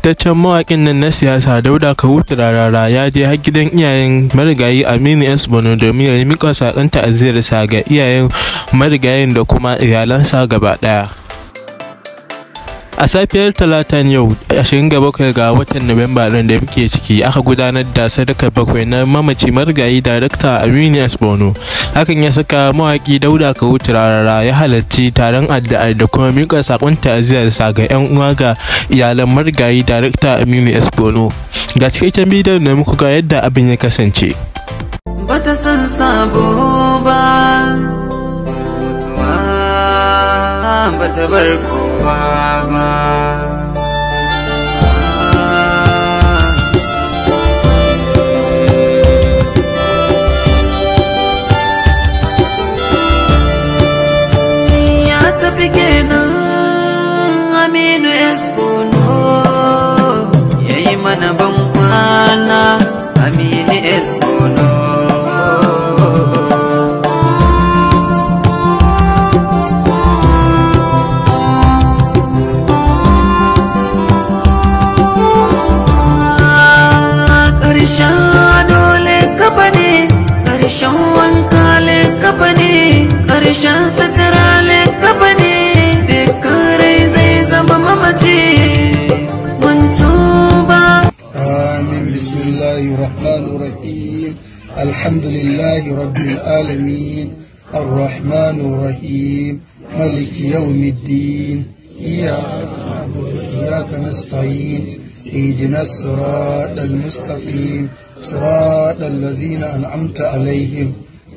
fitaccen mawaƙin nan na siyasa dauda kawu Rarara ya je har gidan iyayen marigayi aminu s bono domin ya miƙa saƙon ta'aziyarsa ga iyayen marigayin da kuma iyalansa gaba ɗaya a safiyar talatan yau 27 ga watan nuwamba ɗin da muke ciki aka gudanar da sadaka bakwai na mamaci margayi darakta aminius bono hakan ya saka mawaki dauda kawu turarara ya halarci taron addu'a da kuma miƙa saƙon ta'aziyarsa ga 'yan uwa ga iyalan margayi darakta aminius bono ga cikakken bidiyon da muku ga yadda abin ya kasance bata san sabo ba ba ta bar kowa ba Aminu Esbono ya yi mana ban kwana karshen dole kafa ne karshen wanka le kafa ne karshen sutura le kafa ne dukkan zai zama mamaci mun tuba amin bismillahir rahmanir rahim alhamdulillahi rabbil alamin الرحمن الرحيم ملك يوم الدين وإياك نستعين اهدنا الصراط المستقيم صراط الذين أنعمت عليهم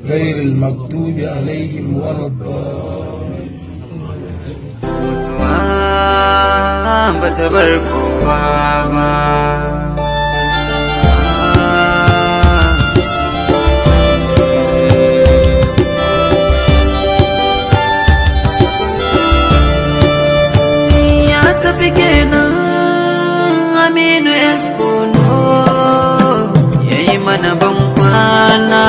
غير المغضوب عليهم ولا الضالين mutuwa ba ta bar kowa ba espono yi mana ban kwana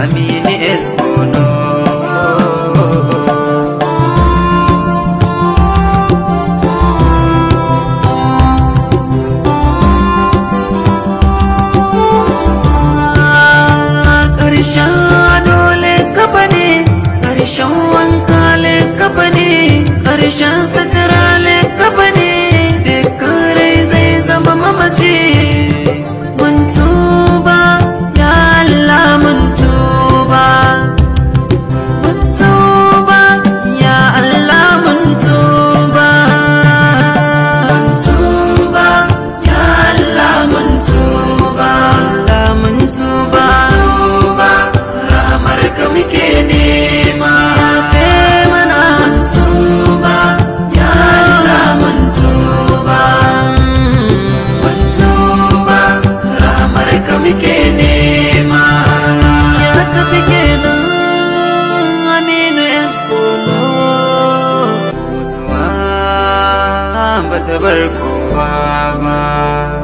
amini espono ƙarshen dole kafa ne ƙarshen wanka le kafa ne ƙarshen sata ta bar kowa ba